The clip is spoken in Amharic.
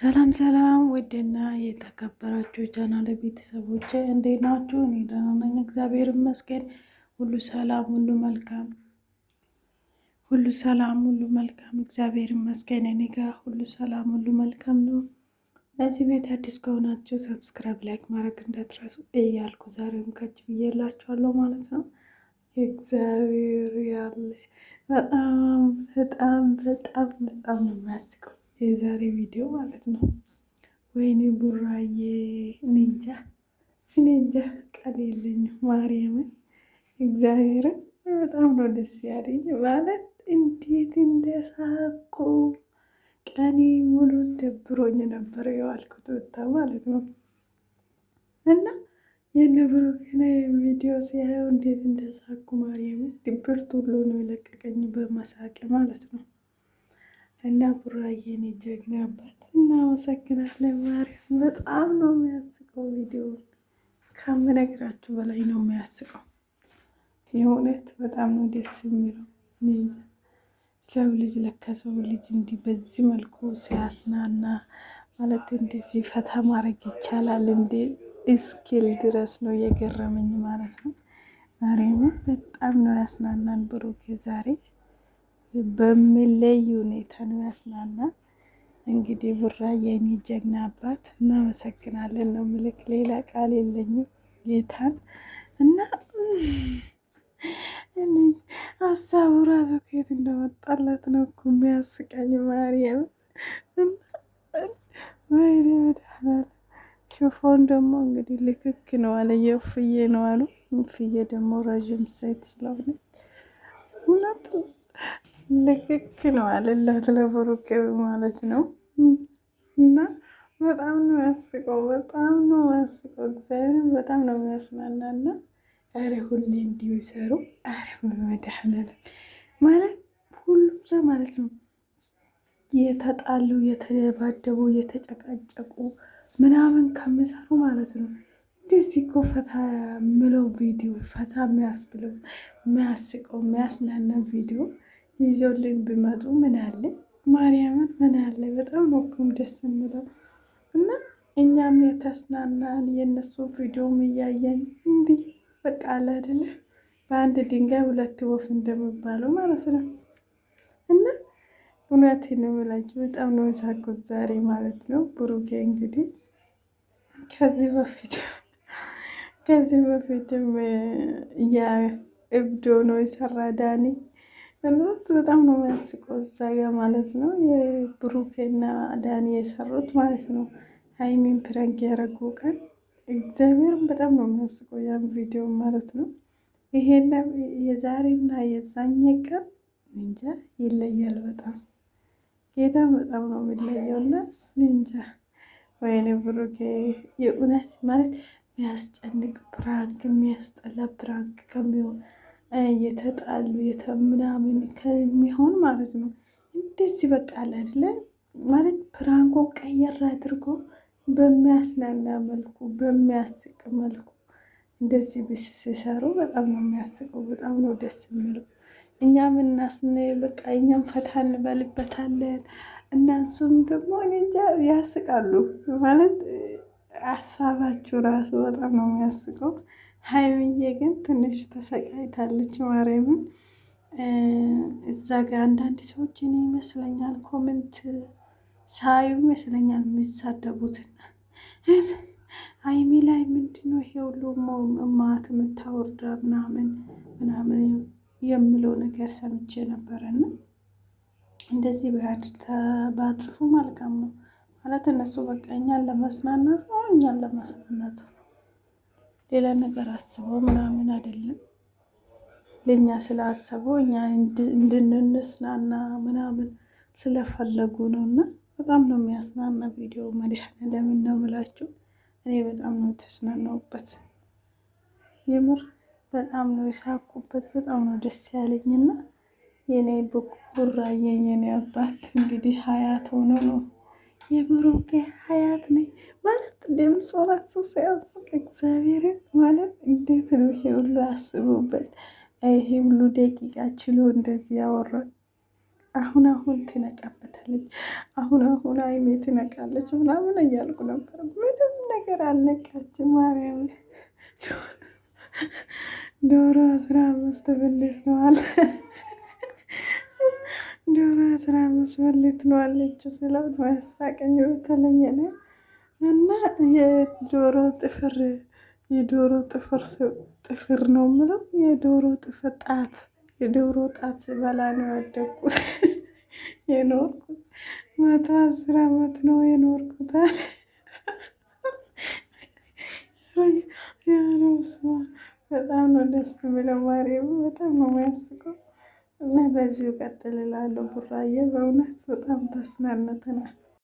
ሰላም ሰላም ውድና የተከበራችሁ ቻናል ቤተሰቦች እንዴት ናችሁ? እኔ ደህና ነኝ፣ እግዚአብሔር ይመስገን። ሁሉ ሰላም፣ ሁሉ መልካም፣ ሁሉ ሰላም፣ ሁሉ መልካም፣ እግዚአብሔር ይመስገን። እኔ ጋር ሁሉ ሰላም፣ ሁሉ መልካም ነው። ለዚህ ቤት አዲስ ከሆናችሁ ሰብስክራይብ፣ ላይክ ማድረግ እንዳትረሱ እያልኩ ዛሬም ከች ብዬላችኋለሁ ማለት ነው። እግዚአብሔር ያለ በጣም በጣም በጣም በጣም ነው የሚያስቀው የዛሬ ቪዲዮ ማለት ነው። ወይኔ ቡራዬ እንጃ እንጃ ቃል የለኝም። ማርያምን እግዚአብሔርን በጣም ነው ደስ ያለኝ ማለት እንዴት እንደሳኩ ቀኔ ሙሉ ደብሮኝ ነበር የዋልኩት ወታ ማለት ነው እና የነብሩክነ ቪዲዮ ሲያየው እንዴት እንደሳኩ ማርያምን ድብርት ሁሉ ነው የለቀቀኝ በመሳቅ ማለት ነው። እና ቡራዬ የኔ ጀግና አባት እናመሰግናለን። ማርያም በጣም ነው የሚያስቀው ቪዲዮ ከምነግራችሁ በላይ ነው የሚያስቀው። የእውነት በጣም ነው ደስ የሚለው። ሰው ልጅ ለካ ሰው ልጅ እንዲህ በዚህ መልኩ ሲያስናና ማለት እንደዚህ ፈታ ማድረግ ይቻላል እንዴ እስኪል ድረስ ነው የገረመኝ ማለት ነው። ማርያም በጣም ነው ያስናናን ብሩኬ ዛሬ በሚለይ ሁኔታ ነው ያስናና። እንግዲህ ቡራ የኔ ጀግና አባት እናመሰግናለን ነው ምልክ። ሌላ ቃል የለኝም ጌታን እና ሀሳቡ ራሱ ከየት እንደመጣለት ነው እኮ የሚያስቀኝ። ማርያም ወይ መድኃኒዓለም ሽፎን ደግሞ እንግዲህ ልክክ ነው አለ የፍዬ ነው አሉ። ፍዬ ደግሞ ረዥም ሴት ስለሆነች እውነት ልክክ ነው አለላት ለብሩኬ ማለት ነው። እና በጣም ነው ያስቀው፣ በጣም ነው ያስቀው። እግዚአብሔር በጣም ነው የሚያስናናና አረ ሁሌ እንዲሁ ይሰሩ። አረ በመድኃኒዓለም ማለት ሁሉም ሰው ማለት ነው የተጣሉ የተደባደቡ የተጨቃጨቁ ምናምን ከምሰሩ ማለት ነው እንደዚህ እኮ ፈታ ምለው ቪዲዮ ፈታ የሚያስብለው የሚያስቀው የሚያስናና ቪዲዮ ይዞልኝ ብመጡ ምን አለ ማርያምን ምን አለ በጣም ነኩም ደስ የምለው እና እኛም የተስናናን የእነሱ ቪዲዮም እያየን እንዲህ በቃ አለ አይደለ በአንድ ድንጋይ ሁለት ወፍ እንደሚባለው ማለት ነው። እና እውነት ነው የምላችሁ በጣም ነው የሳቅሁት ዛሬ ማለት ነው። ብሩኬ እንግዲህ ከዚህ በፊት ከዚህ በፊትም ያ እብዶ ነው የሰራ ዳኒ በምርት በጣም ነው የሚያስቀው እዛ ጋ ማለት ነው። የብሩኬና ዳኒ የሰሩት ማለት ነው። ሀይሚን ፕራንክ ያደረጉ ቀን እግዚአብሔርም በጣም ነው የሚያስቀው ያን ቪዲዮ ማለት ነው። ይሄን የዛሬና የዛኛ ቀን እንጃ ይለያል። በጣም ጌታም በጣም ነው የሚለየውና እንጃ ወይኔ ብሩክ የእውነት ማለት የሚያስጨንቅ ፕራንክ የሚያስጠላ ፕራንክ ከሚሆን የተጣሉ ምናምን ከሚሆን ማለት ነው። እንደዚህ በቃ አይደለ ማለት ፕራንኮ ቀየር አድርጎ በሚያስናና መልኩ በሚያስቅ መልኩ እንደዚህ ብስ ሲሰሩ በጣም ነው የሚያስቀው። በጣም ነው ደስ የሚለው። እኛም እናስነ በቃ እኛም ፈታ እንበልበታለን። እናሱም ደግሞ እንጃ ያስቃሉ ማለት ሀሳባችሁ ራሱ በጣም ነው የሚያስቀው። ሀይሚዬ ግን ትንሽ ተሰቃይታለች። ማርያምን እዛ ጋር አንዳንድ ሰዎች እኔ ይመስለኛል ኮመንት ሳዩ ይመስለኛል የሚሳደቡትና ሀይሚ ላይ ምንድነው ይሄ ሁሉ ማት የምታወርዳ ምናምን ምናምን የምለው ነገር ሰምቼ ነበረና እንደዚህ ባድ ባጽፉ መልካም ነው ማለት እነሱ በቃ እኛን ለማጽናናት ነው እኛን ለማጽናናት ነው ሌላ ነገር አስበው ምናምን አይደለም። ለእኛ ስላሰበው እኛ እንድንስናና ምናምን ስለፈለጉ ነው። እና በጣም ነው የሚያስናና ቪዲዮ ለምን ነው የምላችሁ። እኔ በጣም ነው የተስናናውበት፣ የምር በጣም ነው የሳቁበት፣ በጣም ነው ደስ ያለኝና የኔ ቡራዬ የኔ አባት እንግዲህ ሀያት ሆኖ ነው የብሩኬ ሀያት ነኝ ማለት ድምፁ ራሱ ሲያስቅ እግዚአብሔር ማለት እንዴት ነው? ይሄ ሁሉ አስቡበት። ይሄ ሁሉ ደቂቃ ችሎ እንደዚህ ያወራ። አሁን አሁን ትነቃበታለች፣ አሁን አሁን አይሜ ትነቃለች ምናምን እያልኩ ነበር። ምንም ነገር አልነቃችም። ማርያም ዶሮ አስራ አምስት ብልት ነዋል ዶሮ አስራ አምስት ብር ሊትር ዋለች ስለው ያሳቀኝ በተለየ ነው። እና የዶሮ ጥፍር የዶሮ ጥፍር ጥፍር ነው ምለው የዶሮ ጥፍር ጣት የዶሮ ጣት በላ ነው ያደግኩት የኖርኩት መቶ አስር አመት ነው የኖርኩታል። በጣም ነው ደስ የሚለው ማርያም በጣም ነው የሚያስቀው እና በዚሁ ቀጥል እላለሁ። ቡራዬ በእውነት በጣም ተስናነተናል።